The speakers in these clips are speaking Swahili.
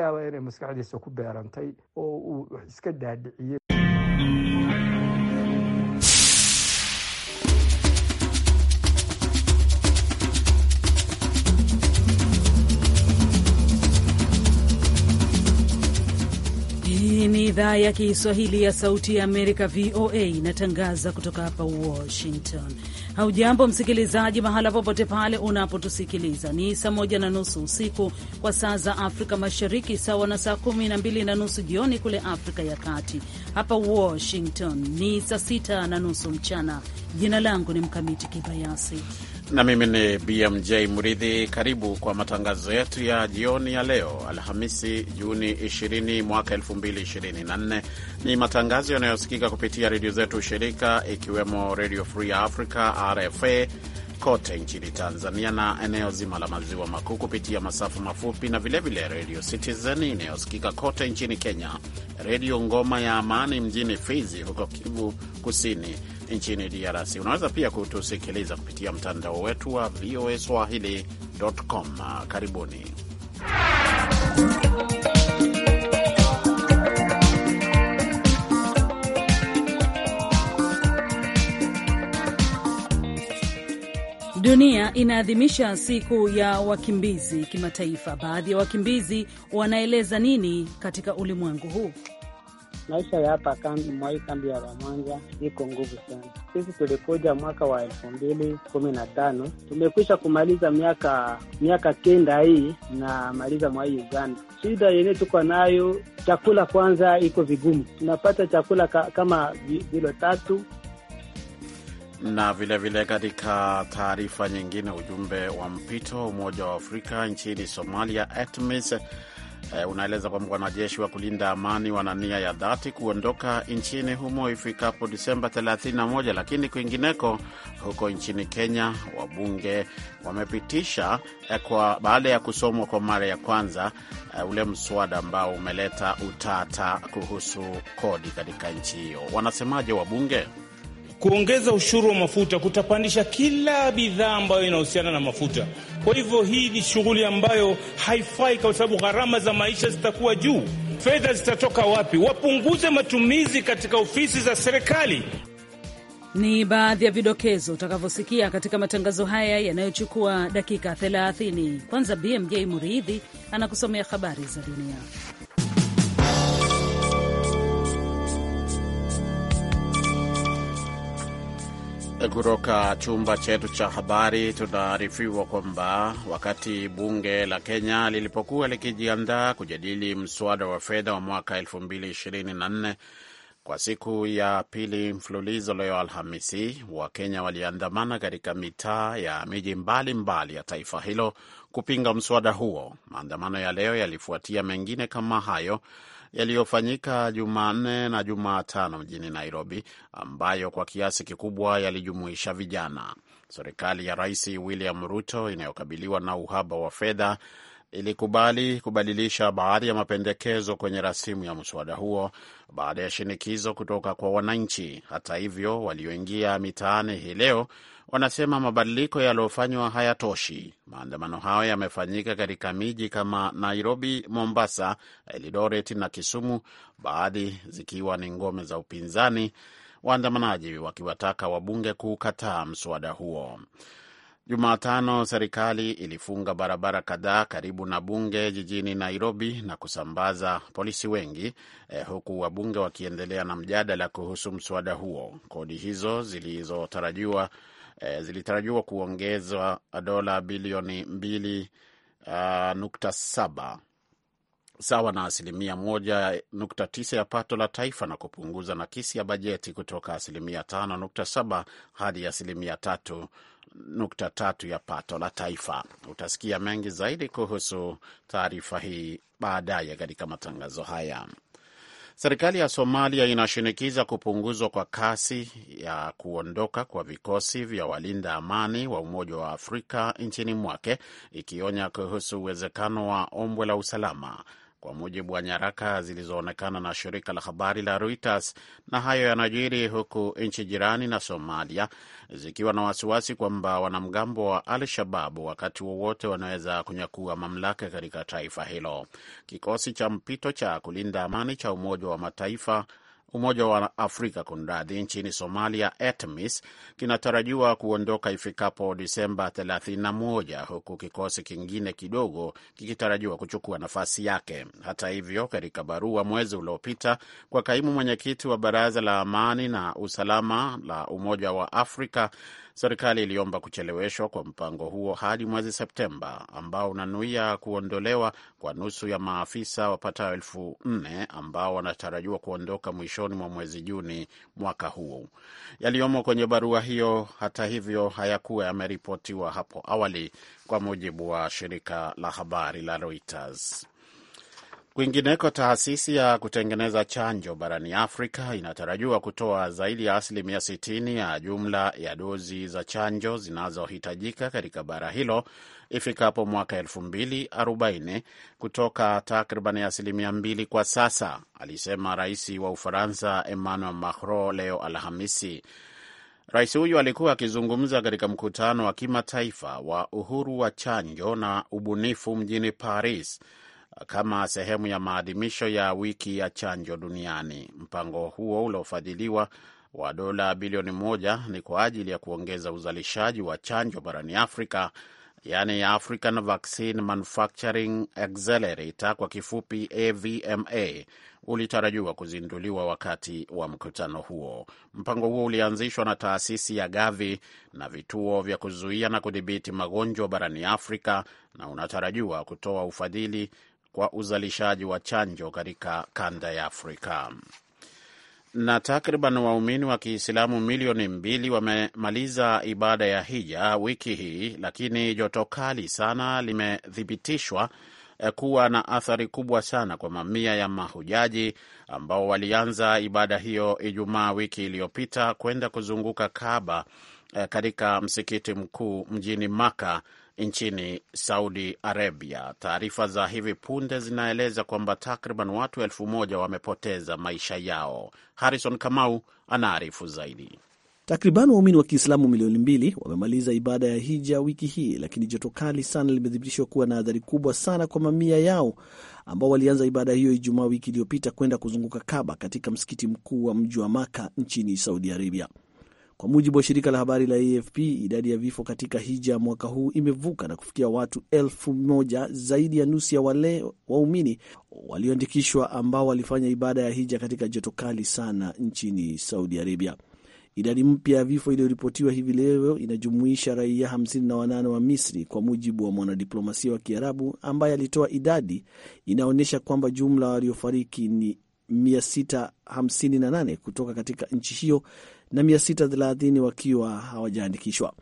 yaaba inay maskaxdiisa ku beerantay oo uu wax iska dhaadhiciyey Idhaa ya Kiswahili ya Sauti ya Amerika, VOA, inatangaza kutoka hapa Washington. Haujambo msikilizaji, mahala popote pale unapotusikiliza. Ni saa moja na nusu usiku kwa saa za Afrika Mashariki, sawa na saa kumi na mbili na nusu jioni kule Afrika ya Kati. Hapa Washington ni saa sita na nusu mchana. Jina langu ni Mkamiti Kibayasi na mimi ni BMJ Mridhi. Karibu kwa matangazo yetu ya jioni ya leo Alhamisi, Juni 20 mwaka 2024. Ni matangazo yanayosikika kupitia redio zetu shirika, ikiwemo Redio Free Africa RFA kote nchini Tanzania na eneo zima la maziwa makuu kupitia masafa mafupi na vilevile Redio Citizen inayosikika kote nchini Kenya, Redio Ngoma ya Amani mjini Fizi huko Kivu Kusini, nchini DRC. Unaweza pia kutusikiliza kupitia mtandao wetu wa VOA Swahili.com. Karibuni. Dunia inaadhimisha siku ya wakimbizi kimataifa. Baadhi ya wakimbizi wanaeleza nini katika ulimwengu huu? Maisha ya hapa kambi mwai kambi ya Ramwanja iko nguvu sana. Sisi tulikuja mwaka wa elfu mbili kumi na tano tumekwisha kumaliza miaka miaka kenda hii na maliza mwai Uganda. Shida yenye tuko nayo chakula, kwanza iko vigumu, tunapata chakula ka, kama vilo tatu na vilevile vile katika taarifa nyingine, ujumbe wa mpito Umoja wa Afrika nchini Somalia ATMIS E, unaeleza kwamba wanajeshi wa kulinda amani wana nia ya dhati kuondoka nchini humo ifikapo Disemba 31. Lakini kwingineko huko nchini Kenya, wabunge wamepitisha eh, kwa baada ya kusomwa kwa mara ya kwanza eh, ule mswada ambao umeleta utata kuhusu kodi katika nchi hiyo. Wanasemaje wabunge? kuongeza ushuru wa mafuta kutapandisha kila bidhaa ambayo inahusiana na mafuta. Kwa hivyo hii ni shughuli ambayo haifai, kwa sababu gharama za maisha zitakuwa juu. Fedha zitatoka wapi? Wapunguze matumizi katika ofisi za serikali. Ni baadhi ya vidokezo utakavyosikia katika matangazo haya yanayochukua dakika 30. Kwanza BMJ Muridhi anakusomea habari za dunia. Kutoka chumba chetu cha habari tunaarifiwa kwamba wakati bunge la Kenya lilipokuwa likijiandaa kujadili mswada wa fedha wa mwaka 2024 kwa siku ya pili mfululizo leo Alhamisi, Wakenya waliandamana katika mitaa ya miji mbalimbali ya taifa hilo kupinga mswada huo. Maandamano ya leo yalifuatia mengine kama hayo yaliyofanyika Jumanne na Jumatano mjini Nairobi, ambayo kwa kiasi kikubwa yalijumuisha vijana. Serikali ya Rais William Ruto inayokabiliwa na uhaba wa fedha ilikubali kubadilisha baadhi ya mapendekezo kwenye rasimu ya mswada huo baada ya shinikizo kutoka kwa wananchi. Hata hivyo, walioingia mitaani hii leo wanasema mabadiliko yaliyofanywa hayatoshi. Maandamano hayo yamefanyika katika miji kama Nairobi, Mombasa, Eldoret na Kisumu, baadhi zikiwa ni ngome za upinzani, waandamanaji wakiwataka wabunge kukataa mswada huo. Jumatano serikali ilifunga barabara kadhaa karibu na bunge jijini Nairobi na kusambaza polisi wengi eh, huku wabunge wakiendelea na mjadala kuhusu mswada huo. Kodi hizo zilizotarajiwa e, zilitarajiwa kuongezwa dola bilioni mbili uh, nukta saba sawa na asilimia moja nukta tisa ya pato la taifa na kupunguza nakisi ya bajeti kutoka asilimia tano nukta saba hadi asilimia tatu nukta tatu ya pato la taifa. Utasikia mengi zaidi kuhusu taarifa hii baadaye katika matangazo haya. Serikali ya Somalia inashinikiza kupunguzwa kwa kasi ya kuondoka kwa vikosi vya walinda amani wa Umoja wa Afrika nchini mwake, ikionya kuhusu uwezekano wa ombwe la usalama kwa mujibu wa nyaraka zilizoonekana na shirika la habari la Reuters. Na hayo yanajiri huku nchi jirani na Somalia zikiwa na wasiwasi kwamba wanamgambo wa Al Shababu wakati wowote wanaweza kunyakua mamlaka katika taifa hilo. Kikosi cha mpito cha kulinda amani cha Umoja wa Mataifa Umoja wa Afrika kunradhi, nchini Somalia, ATMIS kinatarajiwa kuondoka ifikapo Disemba 31 huku kikosi kingine kidogo kikitarajiwa kuchukua nafasi yake. Hata hivyo, katika barua mwezi uliopita kwa kaimu mwenyekiti wa Baraza la Amani na Usalama la Umoja wa Afrika Serikali iliomba kucheleweshwa kwa mpango huo hadi mwezi Septemba, ambao unanuia kuondolewa kwa nusu ya maafisa wapatao elfu nne ambao wanatarajiwa kuondoka mwishoni mwa mwezi Juni mwaka huu. Yaliyomo kwenye barua hiyo, hata hivyo, hayakuwa yameripotiwa hapo awali, kwa mujibu wa shirika la habari la Reuters. Kwingineko, taasisi ya kutengeneza chanjo barani Afrika inatarajiwa kutoa zaidi ya asilimia 60 ya jumla ya dozi za chanjo zinazohitajika katika bara hilo ifikapo mwaka 2040 kutoka takriban asilimia 2 kwa sasa, alisema rais wa Ufaransa Emmanuel Macron leo Alhamisi. Rais huyu alikuwa akizungumza katika mkutano wa kimataifa wa uhuru wa chanjo na ubunifu mjini Paris kama sehemu ya maadhimisho ya wiki ya chanjo duniani. Mpango huo uliofadhiliwa wa dola bilioni moja ni kwa ajili ya kuongeza uzalishaji wa chanjo barani Afrika, yaani African Vaccine Manufacturing Accelerator, kwa kifupi AVMA, ulitarajiwa kuzinduliwa wakati wa mkutano huo. Mpango huo ulianzishwa na taasisi ya Gavi na vituo vya kuzuia na kudhibiti magonjwa barani Afrika na unatarajiwa kutoa ufadhili kwa uzalishaji wa chanjo katika kanda ya Afrika. Na takriban waumini wa Kiislamu milioni mbili wamemaliza ibada ya hija wiki hii, lakini joto kali sana limethibitishwa eh, kuwa na athari kubwa sana kwa mamia ya mahujaji ambao walianza ibada hiyo Ijumaa wiki iliyopita kwenda kuzunguka Kaaba eh, katika msikiti mkuu mjini Maka nchini Saudi Arabia. Taarifa za hivi punde zinaeleza kwamba takriban watu elfu moja wamepoteza maisha yao. Harrison Kamau anaarifu zaidi. Takriban waumini wa Kiislamu milioni mbili wamemaliza ibada ya hija wiki hii, lakini joto kali sana limethibitishwa kuwa na athari kubwa sana kwa mamia yao ambao walianza ibada hiyo Ijumaa wiki iliyopita kwenda kuzunguka Kaba katika msikiti mkuu wa mji wa Maka nchini Saudi Arabia. Kwa mujibu wa shirika la habari la AFP, idadi ya vifo katika hija mwaka huu imevuka na kufikia watu elfu moja, zaidi ya nusu ya wale waumini walioandikishwa ambao walifanya ibada ya hija katika joto kali sana nchini Saudi Arabia. Idadi mpya ya vifo iliyoripotiwa hivi leo inajumuisha raia 58 wa Misri, kwa mujibu wa mwanadiplomasia wa Kiarabu ambaye alitoa idadi inaonyesha kwamba jumla waliofariki ni 658 kutoka katika nchi hiyo na 630 wakiwa hawajaandikishwa.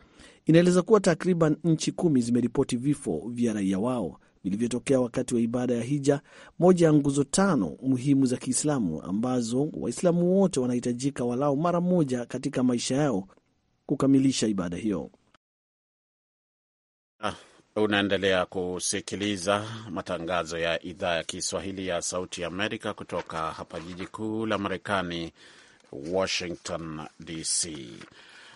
Inaeleza kuwa takriban nchi kumi zimeripoti vifo vya raia wao vilivyotokea wakati wa ibada ya hija, moja ya nguzo tano muhimu za Kiislamu ambazo Waislamu wote wanahitajika walau mara moja katika maisha yao kukamilisha ibada hiyo. Ah, unaendelea kusikiliza matangazo ya idhaa ya Kiswahili ya Sauti ya Amerika kutoka hapa jiji kuu la Marekani, Washington DC.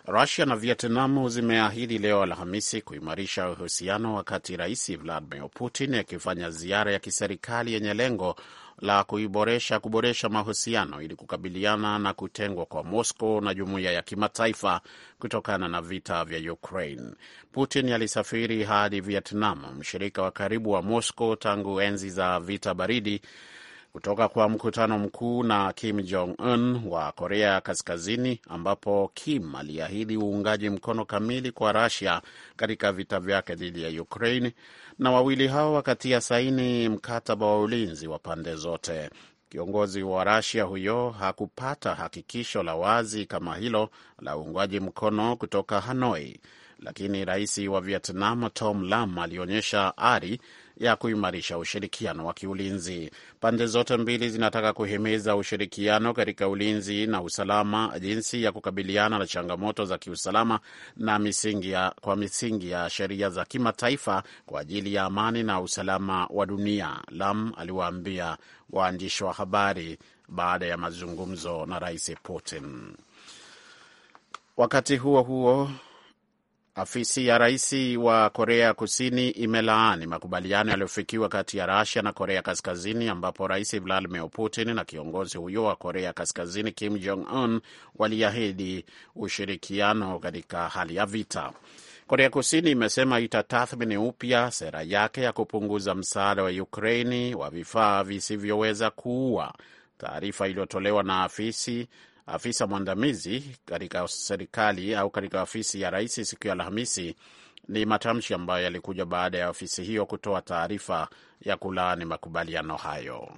Rusia na Vietnamu zimeahidi leo Alhamisi kuimarisha uhusiano, wakati Rais Vladimir Putin akifanya ziara ya kiserikali yenye lengo la kuiboresha kuboresha mahusiano ili kukabiliana na kutengwa kwa Moscow na jumuiya ya kimataifa kutokana na vita vya Ukraine. Putin alisafiri hadi Vietnam, mshirika wa karibu wa Moscow tangu enzi za vita baridi, kutoka kwa mkutano mkuu na Kim Jong Un wa Korea Kaskazini, ambapo Kim aliahidi uungaji mkono kamili kwa Rusia katika vita vyake dhidi ya Ukraine, na wawili hao wakatia saini mkataba wa ulinzi wa pande zote. Kiongozi wa Rasia huyo hakupata hakikisho la wazi kama hilo la uungwaji mkono kutoka Hanoi, lakini rais wa Vietnam Tom Lam alionyesha ari ya kuimarisha ushirikiano wa kiulinzi. Pande zote mbili zinataka kuhimiza ushirikiano katika ulinzi na usalama, jinsi ya kukabiliana na changamoto za kiusalama na misingi ya, kwa misingi ya sheria za kimataifa kwa ajili ya amani na usalama wa dunia, Lam aliwaambia waandishi wa habari baada ya mazungumzo na Rais Putin. Wakati huo huo Afisi ya rais wa Korea Kusini imelaani makubaliano yaliyofikiwa kati ya Rusia na Korea Kaskazini, ambapo rais Vladimir Putin na kiongozi huyo wa Korea Kaskazini Kim Jong Un waliahidi ushirikiano katika hali ya vita. Korea Kusini imesema itatathmini upya sera yake ya kupunguza msaada wa Ukraini wa vifaa visivyoweza kuua. Taarifa iliyotolewa na afisi Afisa mwandamizi katika serikali au katika ofisi ya rais siku ya Alhamisi ni matamshi ambayo yalikuja baada ya ofisi hiyo kutoa taarifa ya kulaani makubaliano hayo.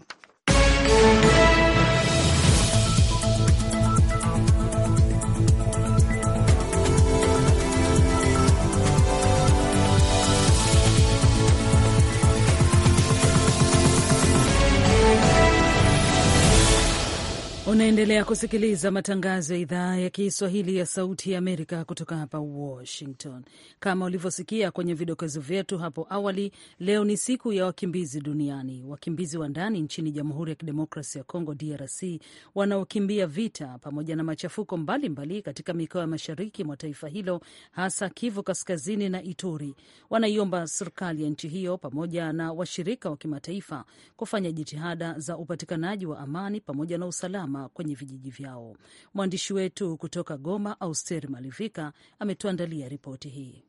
Unaendelea kusikiliza matangazo ya idhaa ya Kiswahili ya Sauti ya Amerika kutoka hapa Washington. Kama ulivyosikia kwenye vidokezo vyetu hapo awali, leo ni siku ya wakimbizi duniani. Wakimbizi wa ndani nchini Jamhuri ya kidemokrasi ya Kongo, DRC, wanaokimbia vita pamoja na machafuko mbalimbali mbali katika mikoa ya mashariki mwa taifa hilo, hasa Kivu Kaskazini na Ituri, wanaiomba serikali ya nchi hiyo pamoja na washirika wa kimataifa kufanya jitihada za upatikanaji wa amani pamoja na usalama kwenye vijiji vyao. Mwandishi wetu kutoka Goma, Auster Malivika, ametuandalia ripoti hii.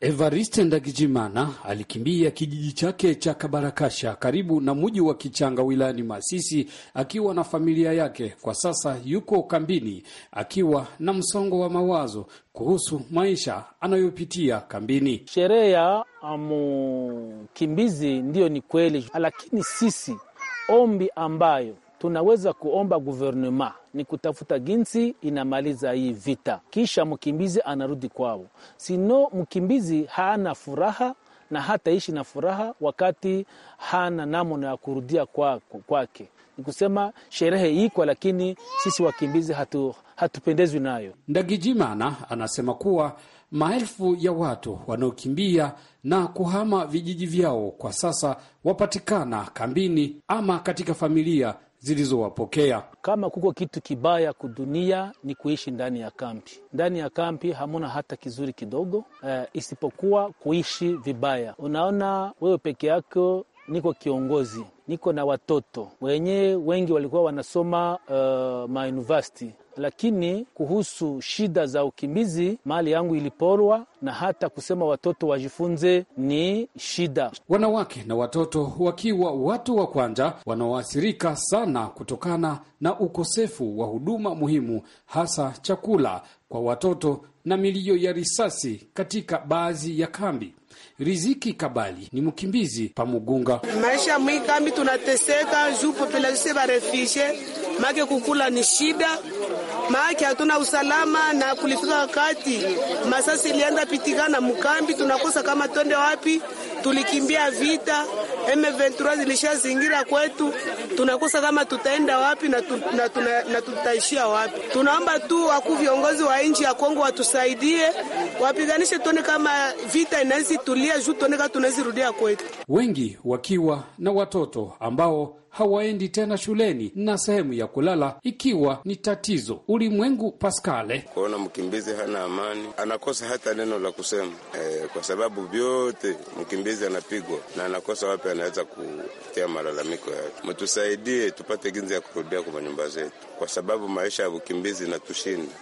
Evariste Ndagijimana alikimbia kijiji chake cha Kabarakasha karibu na muji wa Kichanga wilayani Masisi akiwa na familia yake. Kwa sasa yuko kambini akiwa na msongo wa mawazo kuhusu maisha anayopitia kambini. Sherehe ya mkimbizi ndiyo ni kweli, lakini sisi ombi ambayo tunaweza kuomba guvernema ni kutafuta jinsi inamaliza hii vita, kisha mkimbizi anarudi kwao. Sino mkimbizi hana furaha na hataishi na furaha wakati hana namna ya kurudia kwake kwa ni kusema sherehe iko, lakini sisi wakimbizi hatu, hatupendezwi nayo. Ndagijimana anasema kuwa maelfu ya watu wanaokimbia na kuhama vijiji vyao kwa sasa wapatikana kambini ama katika familia zilizowapokea. Kama kuko kitu kibaya kudunia ni kuishi ndani ya kampi. Ndani ya kampi hamuna hata kizuri kidogo, eh, isipokuwa kuishi vibaya. Unaona wewe peke yako niko kiongozi, niko na watoto wenyewe wengi walikuwa wanasoma uh, eh, mauniversity lakini kuhusu shida za ukimbizi, mali yangu iliporwa na hata kusema watoto wajifunze ni shida. Wanawake na watoto wakiwa watu wa kwanza wanaoathirika sana kutokana na ukosefu wa huduma muhimu, hasa chakula kwa watoto na milio ya risasi katika baadhi ya kambi. Riziki Kabali ni mkimbizi pamugunga. Maisha mwi kambi tunateseka juu populasion make kukula ni shida maake hatuna usalama, na kulifika wakati masasi ilianza pitikana mkambi, tunakosa kama twende wapi. Tulikimbia vita, M23 zilishazingira kwetu, tunakosa kama tutaenda wapi na, tu, na, tuna, na tutaishia wapi. Tunaomba tu wakuu viongozi wa nchi ya Kongo watusaidie, wapiganishe tuone kama vita inawezi tulia juu tuone kama tunawezirudia kwetu, wengi wakiwa na watoto ambao hawaendi tena shuleni na sehemu ya kulala ikiwa ni tatizo. Ulimwengu Paskale: kuona mkimbizi hana amani, anakosa hata neno la kusema eh, kwa sababu vyote mkimbizi anapigwa na anakosa wapi anaweza kutia malalamiko yake. Mtusaidie tupate ginzi ya kurudia kwa manyumba zetu, kwa sababu maisha ya ukimbizi inatushinda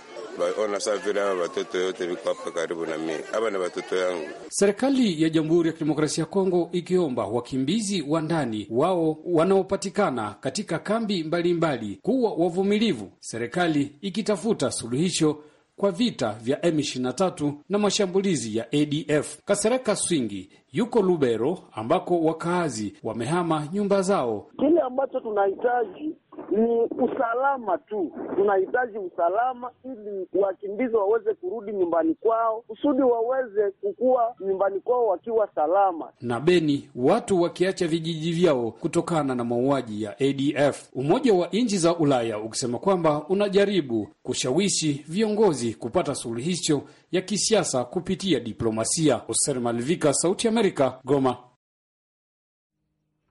waona saa vile hawa watoto yote viko hapa karibu na mimi, watoto yangu. Serikali ya Jamhuri ya Kidemokrasia ya Kongo ikiomba wakimbizi wa ndani wao wanaopatikana katika kambi mbalimbali mbali kuwa wavumilivu, serikali ikitafuta suluhisho kwa vita vya M23 na mashambulizi ya ADF. Kasereka Swingi yuko Lubero ambako wakaazi wamehama nyumba zao. Kile ambacho tunahitaji ni usalama tu. Tunahitaji usalama ili wakimbizi waweze kurudi nyumbani kwao, kusudi waweze kukua nyumbani kwao wakiwa salama. Na Beni, watu wakiacha vijiji vyao kutokana na mauaji ya ADF, Umoja wa Nchi za Ulaya ukisema kwamba unajaribu kushawishi viongozi kupata suluhisho ya kisiasa kupitia diplomasia. Oser Malvika, Sauti Amerika, Goma.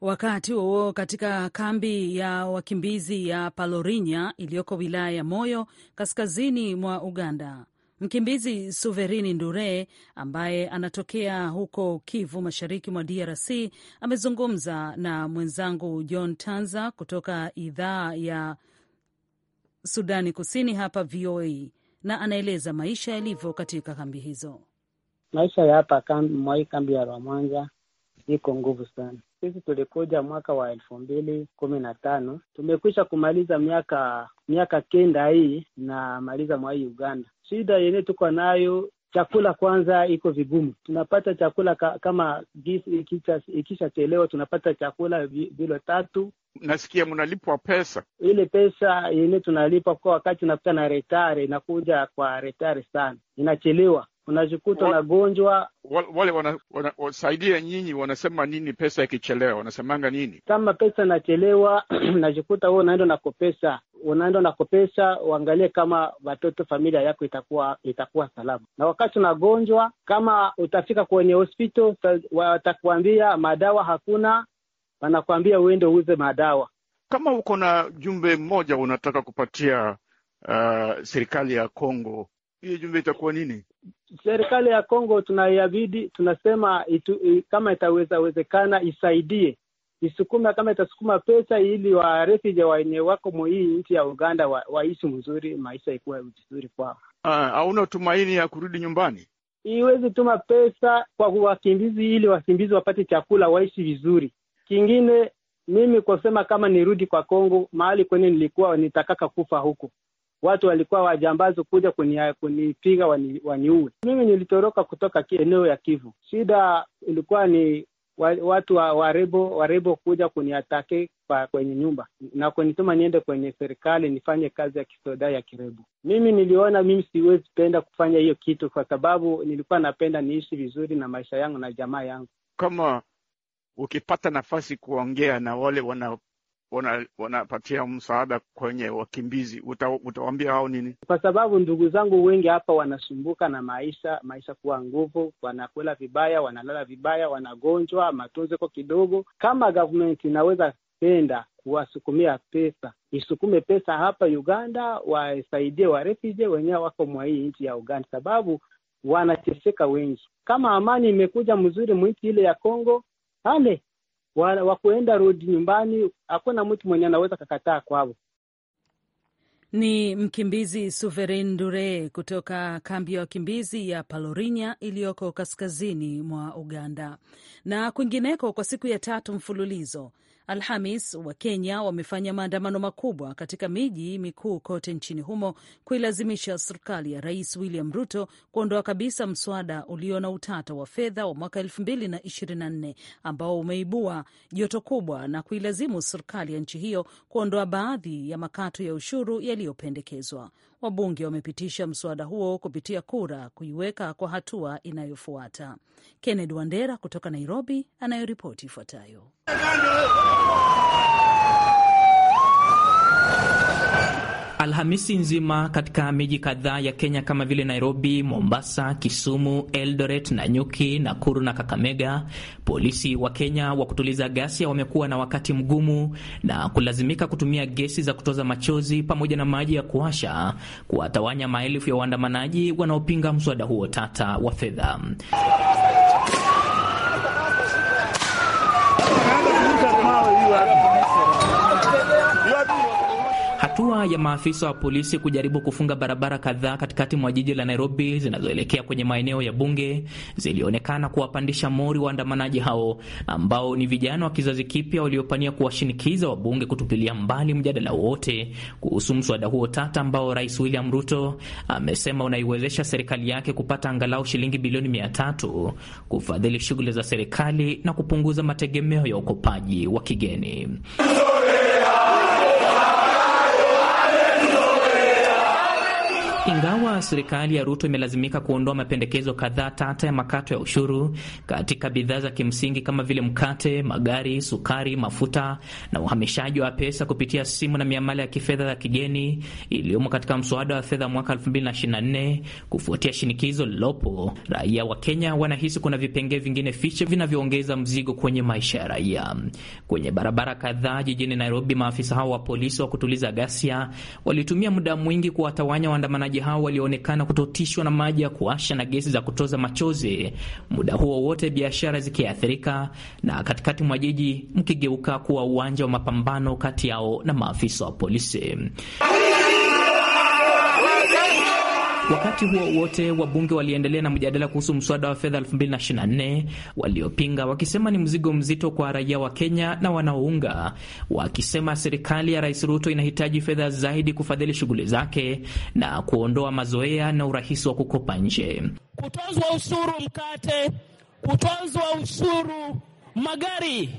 Wakati huo katika kambi ya wakimbizi ya Palorinya iliyoko wilaya ya Moyo kaskazini mwa Uganda, mkimbizi Suverini Ndure ambaye anatokea huko Kivu mashariki mwa DRC amezungumza na mwenzangu John Tanza kutoka idhaa ya Sudani Kusini hapa VOA, na anaeleza maisha yalivyo katika kambi hizo. Maisha ya hapa hii kambi ya Rwamwanza iko nguvu sana sisi tulikuja mwaka wa elfu mbili kumi na tano tumekwisha kumaliza miaka miaka kenda hii na maliza mwa hii Uganda. Shida yenye tuko nayo chakula kwanza, iko vigumu. Tunapata chakula ka, kama ikishachelewa tunapata chakula vilo tatu. Nasikia mnalipwa pesa, ile pesa yenye tunalipwa kwa wakati, unakuta na retare, inakuja kwa retare sana, inachelewa unajikuta unagonjwa. Wale wanasaidia wana, nyinyi wanasema nini? Pesa ikichelewa wanasemanga nini? Kama pesa inachelewa unajikuta wewe unaenda unakopesa, unaenda unakopesa, uangalie kama watoto familia yako itakuwa itakuwa salama. Na wakati unagonjwa, kama utafika kwenye hospital watakuambia madawa hakuna, wanakuambia uende uuze madawa. Kama uko na jumbe mmoja unataka kupatia uh, serikali ya Kongo hiyo jumbe itakuwa nini? Serikali ya Kongo tunaiabidi, tunasema itu, kama itaweza wezekana isaidie isukuma, kama itasukuma pesa ili wa refugee wenye wako hii nchi ya Uganda wa, waishi mzuri, maisha ikuwa vizuri kwao. Ah, hauna tumaini ya kurudi nyumbani? Iwezi tuma pesa kwa wakimbizi ili wakimbizi wapate chakula, waishi vizuri. Kingine mimi kusema kama nirudi kwa Kongo mahali kwenye nilikuwa nitakaka kufa huko watu walikuwa wajambazi kuja kunipiga kuni waniue. Mimi nilitoroka kutoka eneo ya Kivu. Shida ilikuwa ni watu wa warebo warebo kuja kuniatake kwa kwenye nyumba na kunituma niende kwenye serikali nifanye kazi ya kisoda ya kirebo. Mimi niliona mimi siwezi penda kufanya hiyo kitu, kwa sababu nilikuwa napenda niishi vizuri na maisha yangu na jamaa yangu. Kama ukipata nafasi kuongea na wale wana wanapatia msaada kwenye wakimbizi, utawambia hao nini? Kwa sababu ndugu zangu wengi hapa wanasumbuka na maisha, maisha kuwa nguvu, wanakula vibaya, wanalala vibaya, wanagonjwa, matunzo iko kidogo. Kama government inaweza penda kuwasukumia pesa, isukume pesa hapa Uganda, wasaidie refugee wenyewe wako mwa hii nchi ya Uganda, sababu wanateseka wengi. Kama amani imekuja mzuri mwinchi ile ya Kongo pale wa kuenda rudi nyumbani, hakuna mtu mwenye anaweza kakataa kwao. Ni mkimbizi Suverin Dure kutoka kambi ya wakimbizi ya Palorinya iliyoko kaskazini mwa Uganda. Na kwingineko, kwa siku ya tatu mfululizo Alhamis wa kenya wamefanya maandamano makubwa katika miji mikuu kote nchini humo kuilazimisha serikali ya Rais William Ruto kuondoa kabisa mswada ulio na utata wa fedha wa mwaka 2024 ambao umeibua joto kubwa na kuilazimu serikali ya nchi hiyo kuondoa baadhi ya makato ya ushuru yaliyopendekezwa. Wabunge wamepitisha mswada huo kupitia kura kuiweka kwa hatua inayofuata. Kennedy Wandera kutoka Nairobi anayoripoti ifuatayo. Alhamisi nzima katika miji kadhaa ya Kenya kama vile Nairobi, Mombasa, Kisumu, Eldoret, Nanyuki, Nakuru na Kakamega, polisi wa Kenya wa kutuliza ghasia wamekuwa na wakati mgumu na kulazimika kutumia gesi za kutoza machozi pamoja na maji ya kuasha kuwatawanya maelfu ya waandamanaji wanaopinga mswada huo tata wa fedha. Hatua ya maafisa wa polisi kujaribu kufunga barabara kadhaa katikati mwa jiji la Nairobi zinazoelekea kwenye maeneo ya bunge zilionekana kuwapandisha mori waandamanaji hao ambao ni vijana wa kizazi kipya waliopania kuwashinikiza wabunge kutupilia mbali mjadala wowote kuhusu mswada huo tata ambao Rais William Ruto amesema unaiwezesha serikali yake kupata angalau shilingi bilioni mia tatu kufadhili shughuli za serikali na kupunguza mategemeo ya ukopaji wa kigeni. Ingawa serikali ya Ruto imelazimika kuondoa mapendekezo kadhaa tata ya makato ya ushuru katika bidhaa za kimsingi kama vile mkate, magari, sukari, mafuta na uhamishaji wa pesa kupitia simu na miamala ya kifedha za kigeni iliyomo katika mswada wa fedha mwaka 2024, kufuatia shinikizo lilopo, raia wa Kenya wanahisi kuna vipengee vingine fiche vinavyoongeza mzigo kwenye maisha ya raia. Kwenye barabara kadhaa jijini Nairobi, maafisa hao wa polisi wa kutuliza ghasia walitumia muda mwingi kuwatawanya waandamanaji waandamanaji hao walioonekana kutotishwa na maji ya kuasha na gesi za kutoza machozi, muda huo wote biashara zikiathirika, na katikati mwa jiji mkigeuka kuwa uwanja wa mapambano kati yao na maafisa wa polisi. Wakati huo wote wabunge waliendelea na mjadala kuhusu mswada wa fedha 2024 waliopinga wakisema ni mzigo mzito kwa raia wa Kenya na wanaounga, wakisema serikali ya Rais Ruto inahitaji fedha zaidi kufadhili shughuli zake na kuondoa mazoea na urahisi wa kukopa nje. Kutozwa ushuru mkate, kutozwa ushuru magari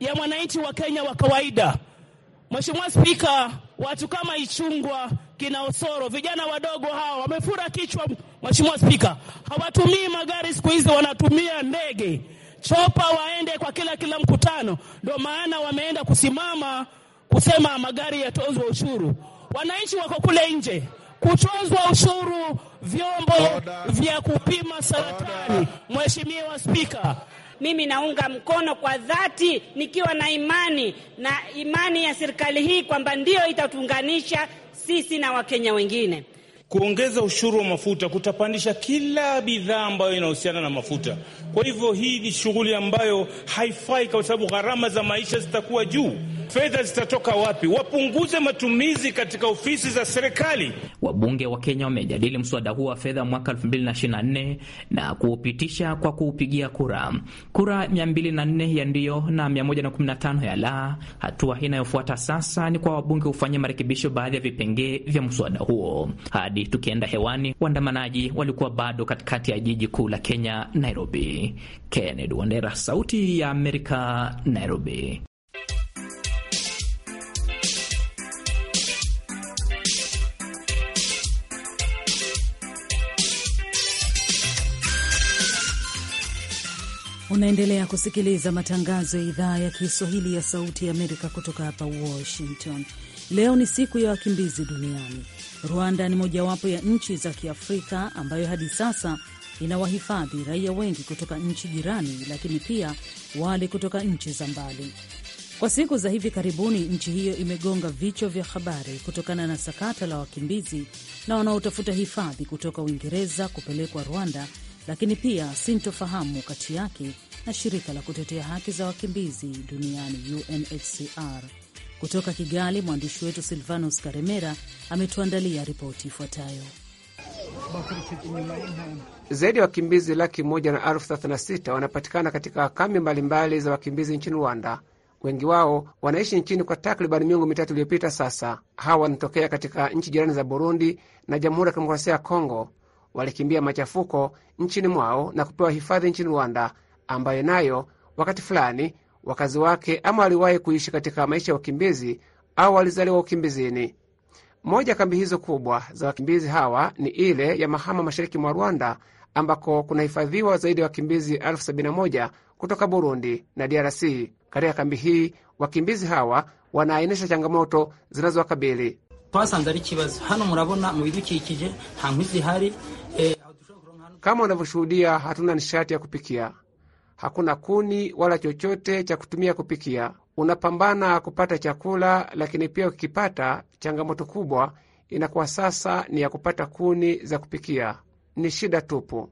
ya mwananchi wa Kenya wa kawaida. Mheshimiwa Spika, watu kama Ichungwa kina Osoro, vijana wadogo hawa wamefura kichwa, Mheshimiwa Spika. Hawatumii magari siku hizi, wanatumia ndege chopa, waende kwa kila kila mkutano. Ndio maana wameenda kusimama kusema magari yatozwe ushuru. Wananchi wako kule nje kuchozwa ushuru vyombo Order. vya kupima saratani. Mheshimiwa Spika, mimi naunga mkono kwa dhati, nikiwa na imani na imani ya serikali hii kwamba ndiyo itatuunganisha sisi na Wakenya wengine. Kuongeza ushuru wa mafuta kutapandisha kila bidhaa ambayo inahusiana na mafuta. Kwa hivyo hii ni shughuli ambayo haifai, kwa sababu gharama za maisha zitakuwa juu fedha zitatoka wapi? Wapunguze matumizi katika ofisi za serikali. Wabunge wa Kenya wamejadili mswada huo wa fedha mwaka 2024 na kuupitisha kwa kuupigia kura, kura 204 ya ndio na 115 ya la. Hatua inayofuata sasa ni kwa wabunge kufanyia marekebisho baadhi ya vipengee vya mswada huo. Hadi tukienda hewani, waandamanaji walikuwa bado katikati ya jiji kuu la Kenya, Nairobi. Kennedy Wandera, Sauti ya Amerika, Nairobi. Unaendelea kusikiliza matangazo ya idhaa ya Kiswahili ya Sauti ya Amerika kutoka hapa Washington. Leo ni siku ya wakimbizi duniani. Rwanda ni mojawapo ya nchi za Kiafrika ambayo hadi sasa inawahifadhi raia wengi kutoka nchi jirani, lakini pia wale kutoka nchi za mbali. Kwa siku za hivi karibuni, nchi hiyo imegonga vichwa vya habari kutokana na sakata la wakimbizi na wanaotafuta hifadhi kutoka Uingereza kupelekwa Rwanda lakini pia sintofahamu kati yake na shirika la kutetea haki za wakimbizi duniani UNHCR. Kutoka Kigali, mwandishi wetu Silvanus Karemera ametuandalia ripoti ifuatayo. Zaidi ya wakimbizi laki moja na elfu thelathini na sita wanapatikana katika kambi mbalimbali za wakimbizi nchini Rwanda. Wengi wao wanaishi nchini kwa takribani miongo mitatu iliyopita sasa. Hawa wanatokea katika nchi jirani za Burundi na Jamhuri ya Kidemokrasia ya Kongo walikimbia machafuko nchini mwao na kupewa hifadhi nchini Rwanda, ambayo nayo wakati fulani wakazi wake ama waliwahi kuishi katika maisha ya wakimbizi au walizaliwa ukimbizini. Moja ya kambi hizo kubwa za wakimbizi hawa ni ile ya Mahama, mashariki mwa Rwanda, ambako kunahifadhiwa zaidi ya wakimbizi elfu sabini na moja kutoka Burundi na DRC. Katika kambi hii wakimbizi hawa wanaainisha changamoto zinazowakabili. twasanze ari kibazo hano murabona mu bidukikije nta nkwi zihari kama unavyoshuhudia, hatuna nishati ya kupikia, hakuna kuni wala chochote cha kutumia kupikia. Unapambana kupata chakula, lakini pia ukikipata, changamoto kubwa inakuwa sasa ni ya kupata kuni za kupikia. Ni shida tupu.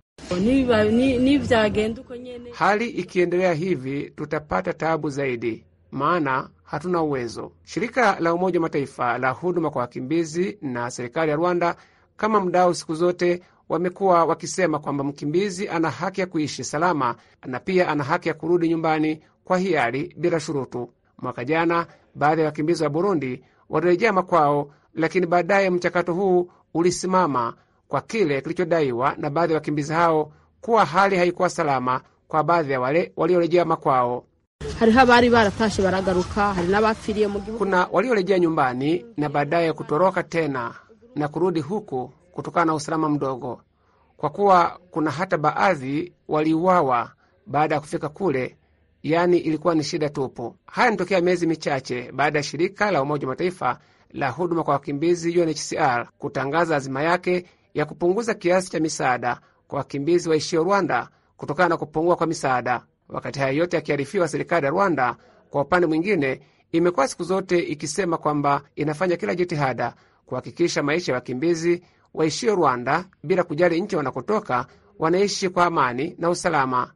Hali ikiendelea hivi, tutapata taabu zaidi, maana hatuna uwezo. Shirika la Umoja wa Mataifa la huduma kwa wakimbizi na serikali ya Rwanda kama mdau siku zote wamekuwa wakisema kwamba mkimbizi ana haki ya kuishi salama na pia ana haki ya kurudi nyumbani kwa hiari bila shurutu. Mwaka jana baadhi ya wakimbizi wa Burundi walirejea makwao, lakini baadaye mchakato huu ulisimama kwa kile kilichodaiwa na baadhi ya wakimbizi hao kuwa hali haikuwa salama kwa baadhi ya wale waliorejea makwao. Kuna waliorejea nyumbani na baadaye kutoroka tena na kurudi huku kutokana na usalama mdogo, kwa kuwa kuna hata baadhi waliuawa baada ya kufika kule. Yaani ilikuwa ni shida tupu. Haya yanatokea miezi michache baada ya shirika la Umoja wa Mataifa la huduma kwa wakimbizi UNHCR kutangaza azima yake ya kupunguza kiasi cha misaada kwa wakimbizi waishio Rwanda kutokana na kupungua kwa misaada. Wakati haya yote yakiarifiwa, serikali ya Rwanda kwa upande mwingine imekuwa siku zote ikisema kwamba inafanya kila jitihada kuhakikisha maisha ya wakimbizi waishio Rwanda bila kujali nchi wanakotoka wanaishi kwa amani na usalama.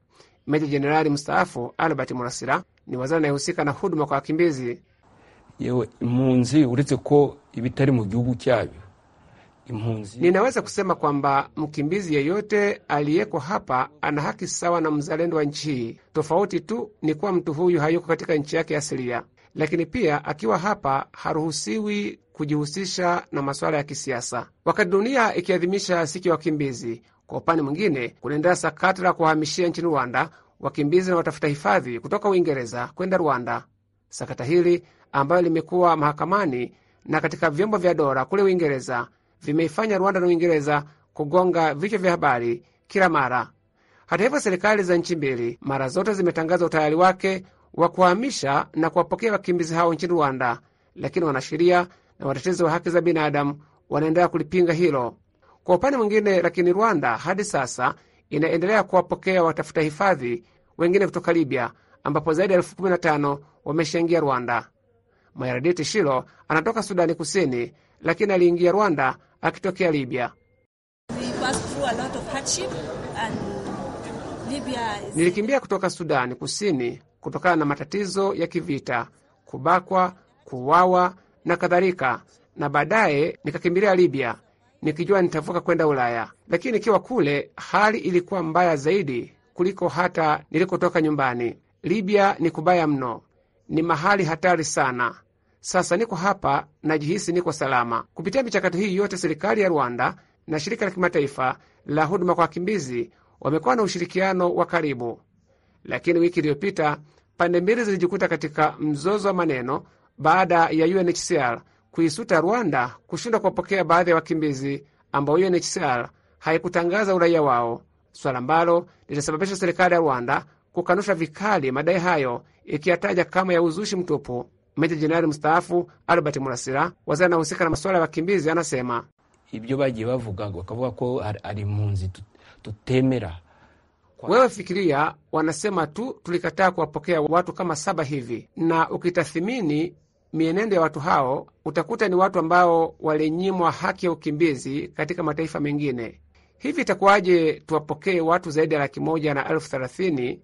Meja Jenerali mstaafu Albert Murasira ni wazara anayehusika na huduma kwa wakimbizi. Yewe impunzi uretse ko ibitari mu gihugu cyayo impunzi, ninaweza kusema kwamba mkimbizi yeyote aliyeko hapa ana haki sawa na mzalendo wa nchi hii. Tofauti tu ni kuwa mtu huyu hayuko katika nchi yake asilia, lakini pia akiwa hapa haruhusiwi kujihusisha na masuala ya kisiasa. Wakati dunia ikiadhimisha siku ya wakimbizi, kwa upande mwingine kunaendelea sakata la kuwahamishia nchini Rwanda wakimbizi na watafuta hifadhi kutoka Uingereza kwenda Rwanda. Sakata hili ambayo limekuwa mahakamani na katika vyombo vya dola kule Uingereza vimeifanya Rwanda na Uingereza kugonga vichwa vya habari kila mara. Hata hivyo, serikali za nchi mbili mara zote zimetangaza utayari wake wa kuwahamisha na kuwapokea wakimbizi hao nchini Rwanda, lakini wanasheria na watetezi wa haki za binadamu wanaendelea kulipinga hilo. Kwa upande mwingine, lakini Rwanda hadi sasa inaendelea kuwapokea watafuta hifadhi wengine kutoka Libya, ambapo zaidi ya elfu kumi na tano wameshaingia Rwanda. Mayarditi Shilo anatoka Sudani Kusini, lakini aliingia Rwanda akitokea Libya. Is... nilikimbia kutoka Sudani Kusini kutokana na matatizo ya kivita, kubakwa, kuuawa na kadhalika, na baadaye nikakimbilia Libya nikijua nitavuka kwenda Ulaya, lakini nikiwa kule hali ilikuwa mbaya zaidi kuliko hata nilikotoka nyumbani. Libya ni kubaya mno, ni mahali hatari sana. Sasa niko hapa, najihisi niko salama. Kupitia michakato hii yote, serikali ya Rwanda na shirika la kimataifa la huduma kwa wakimbizi wamekuwa na ushirikiano wa karibu, lakini wiki iliyopita pande mbili zilijikuta katika mzozo wa maneno baada ya UNHCR kuisuta Rwanda kushindwa kuwapokea baadhi ya wakimbizi ambao UNHCR haikutangaza uraia wao, swala ambalo litasababisha serikali ya Rwanda kukanusha vikali madai hayo ikiyataja kama ya uzushi mtupu. Meja Jenerali mstaafu Albert Murasira, waziri anahusika na masuala ya wakimbizi, anasema ibyo bagiye bavuga bakavuga ko ari munzi tutemera. Wewe fikiria, wanasema tu tulikataa kuwapokea watu kama saba hivi, na ukitathimini mienendo ya watu hao, utakuta ni watu ambao walinyimwa haki ya ukimbizi katika mataifa mengine. Hivi itakuwaje tuwapokee watu zaidi ya laki moja na elfu thelathini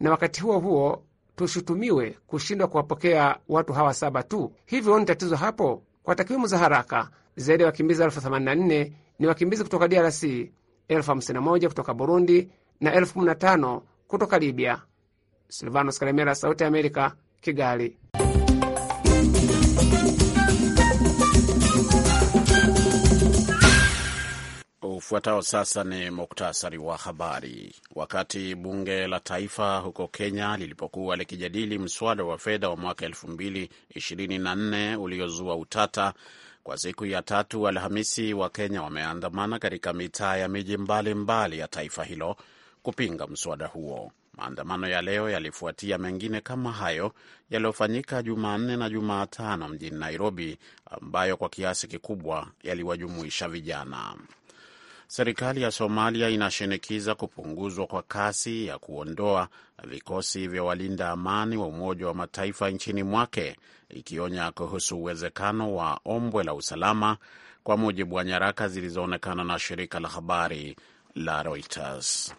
na wakati huo huo tushutumiwe kushindwa kuwapokea watu hawa saba tu? Hivyo ni tatizo hapo. Kwa takwimu za haraka, zaidi ya wakimbizi elfu themanini na nne ni wakimbizi kutoka DRC, elfu hamsini na moja kutoka Burundi na elfu kumi na tano kutoka Libya. Silvanos Kalemera, Sauti ya Amerika, Kigali. Ufuatao sasa ni muktasari wa habari. Wakati bunge la taifa huko Kenya lilipokuwa likijadili mswada wa fedha wa mwaka 2024 uliozua utata, kwa siku ya tatu Alhamisi, Wakenya wameandamana katika mitaa ya miji mbalimbali ya taifa hilo kupinga mswada huo. Maandamano ya leo yalifuatia mengine kama hayo yaliyofanyika Jumanne na Jumatano mjini Nairobi, ambayo kwa kiasi kikubwa yaliwajumuisha vijana. Serikali ya Somalia inashinikiza kupunguzwa kwa kasi ya kuondoa vikosi vya walinda amani wa Umoja wa Mataifa nchini mwake, ikionya kuhusu uwezekano wa ombwe la usalama, kwa mujibu wa nyaraka zilizoonekana na shirika la habari la Reuters.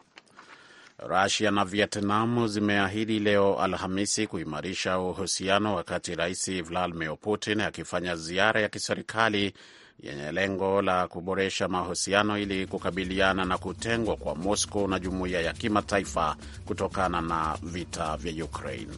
Rusia na Vietnam zimeahidi leo Alhamisi kuimarisha uhusiano wakati Rais Vladimir Putin akifanya ziara ya kiserikali yenye lengo la kuboresha mahusiano ili kukabiliana na kutengwa kwa Moscow na jumuiya ya kimataifa kutokana na vita vya Ukraine.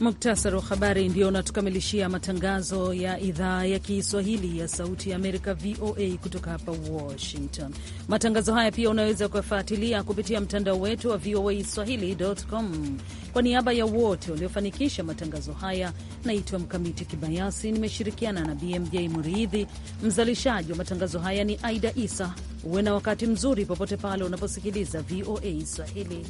Muktasari wa habari ndio unatukamilishia matangazo ya idhaa ya Kiswahili ya Sauti ya Amerika, VOA, kutoka hapa Washington. Matangazo haya pia unaweza kuyafuatilia kupitia mtandao wetu wa VOA Swahili.com. Kwa niaba ya wote waliofanikisha matangazo haya, naitwa Mkamiti Kibayasi, nimeshirikiana na BMJ Muridhi. Mzalishaji wa matangazo haya ni Aida Isa. Uwe na wakati mzuri popote pale unaposikiliza VOA Swahili.